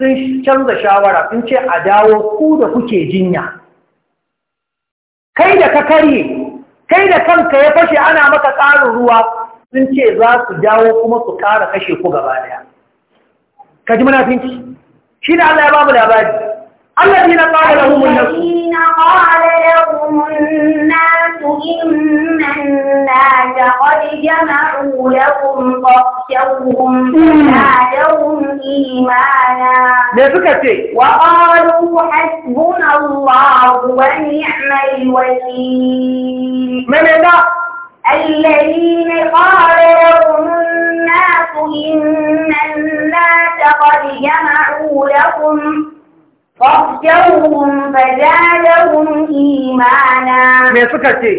sun canza shawara sun ce a dawo ku da kuke jinya kai da ka karye kai da kanka ya fashe ana maka ƙarin ruwa sun ce za su dawo kuma su ƙara kashe ku gaba ɗaya ka ji munafinci shi على باب ya الذين قال لهم الناس الذين قال لهم الناس إن الناس قد جمعوا لهم فاخشوهم فزادهم إيمانا وقالوا حسبنا الله ونعم الوكيل من الذين قال لهم الناس إن الناس قد جمعوا لكم فاخشوهم فزادهم إيمانا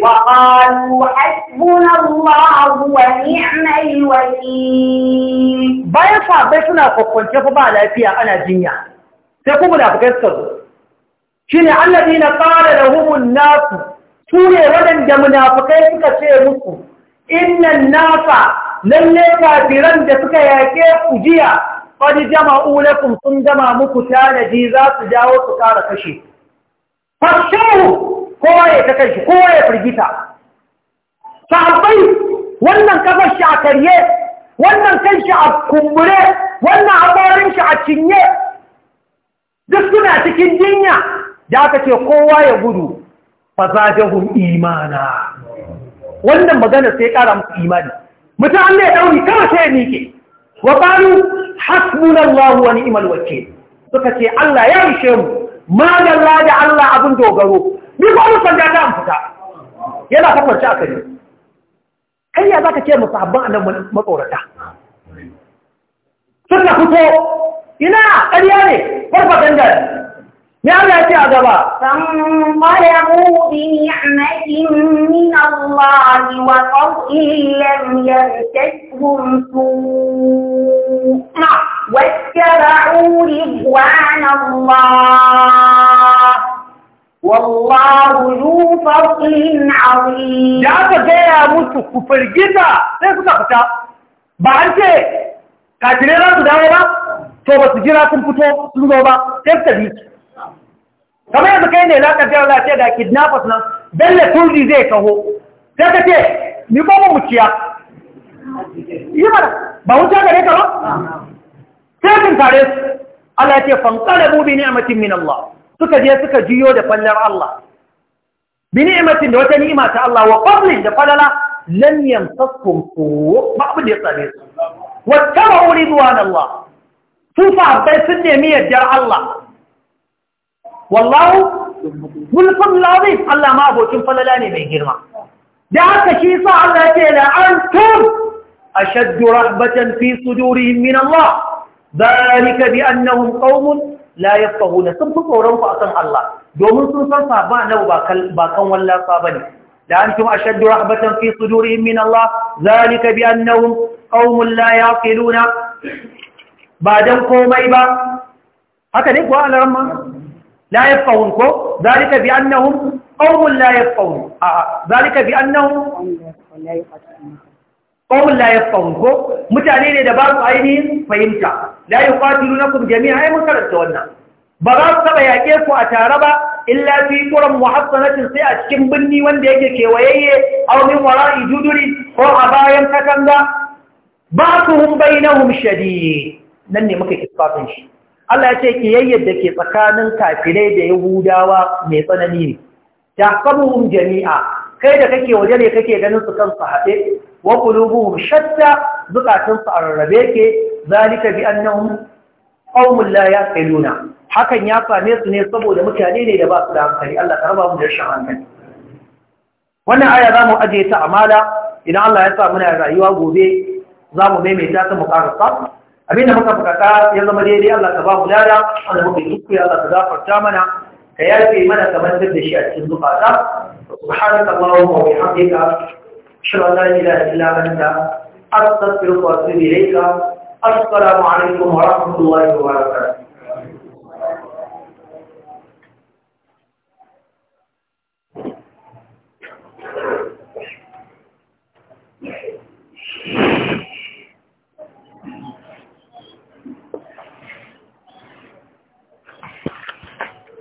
وقالوا حسبنا الله ونعم الوكيل بايا فابسنا فقط كيف بعد في أنا جنيا سيقوم بنا بكسر شنو الذين قال لهم الناس Ture waɗanda munafukai suka ce muku innan nasa lalle kafiran da suka yaƙe ku jiya wani jama'u lakum sun gama muku tanaji za su jawo su ƙara kashe fashahu kowa ya ta kashi kowa ya firgita sahabbai wannan kafar shi a karye wannan kan shi a kumbure wannan haɓarin shi a cinye duk suna cikin jinya da aka ce kowa ya gudu fasajahum imana wannan magana sai ƙara musu imani mutum Allah ya dauri kawai sai ya ke wa qalu hasbunallahu wa ni'mal wakeel suka ce Allah ya rishe mu madalla da Allah abin dogaro ni ko mun san da ta amfuta yana kafarci a kare kai ya zaka ce musu abban annabi matsorata suka fito ina ƙarya ne farfaganda Me Allah ce a gaba? Fanfalamu bi ni'matin min Allah wa qawlin lam yantashhum su. واتبعوا رضوان الله والله ذو فضل عظيم da aka gaya musu ku firgita sai suka fita ba an ce kafirai za su dawo ba to ba su jira sun fito sun zo ba sai su kamar yanzu kai ne za ka biya za ce da kidnappers nan bella turdi zai kaho sai ka ce ni ba mu ciya yi mana ba wuta gare ka ba sai sun tare su Allah ya ce fanqalabu bi ni'matin min Allah suka je suka jiyo da fallar Allah bi ni'matin da wata ni'ima ta Allah wa qablin da falala lam yamsaskum su ba abu da ya tsare su wa tabu ridwan Allah sun fa sun nemi yardar Allah wallahu mulkul azim Allah ma abokin falala ne mai girma da haka shi sa Allah ya ce la antum ashaddu rahbatan fi sudurihim min Allah zalika bi annahum qaumun la yafqahuna sun fi tsoron ku akan Allah domin sun san sa ba nau ba kan wallafa bane da antum ashaddu rahbatan fi sudurihim min Allah zalika bi annahum qaumun la yaqiluna ba dan komai ba haka ne ko Allah ramma la yafqahun ko zalika bi annahum qaumun la yafqahun a zalika bi annahum qaumun la yafqahun ko mutane ne da ba su ainihin fahimta la yuqatilunakum jami'a ay mukarrata wannan ba za su taba yaƙe ku a tare ba illa fi quran muhassanatin sai a cikin binni wanda yake kewayayye aw min wara'i juduri ko a bayan katanga ba su hum bainahum shadid nan ne muka isbatun shi Allah ya ce kiyayyar da ke tsakanin kafirai da Yahudawa mai tsanani ne. Ta kabuhum jami'a, kai da kake waje ne kake ganin su kansu haɗe, wa kulubuhum shatta zukatunsu a rarrabe ke zalika bi annahum qaumun la yaqiluna. Hakan ya same su ne saboda mutane ne da ba su da hankali, Allah ka raba mu da rashin hankali. Wannan aya za mu ajiye ta amala idan Allah ya sa muna rayuwa gobe za mu maimaita ta mu ƙarasa abinda muka fukata ya zama daidai Allah ka ba mu lada wanda muka yi ya Allah ka zafarta mana ka yafe mana kamar da shi a cikin zufata subhanaka allahumma wa bihamdika ashhadu an la ilaha illa anta astaghfiruka wa atubu ilayka assalamu alaikum wa rahmatullahi wa barakatuh Thank you.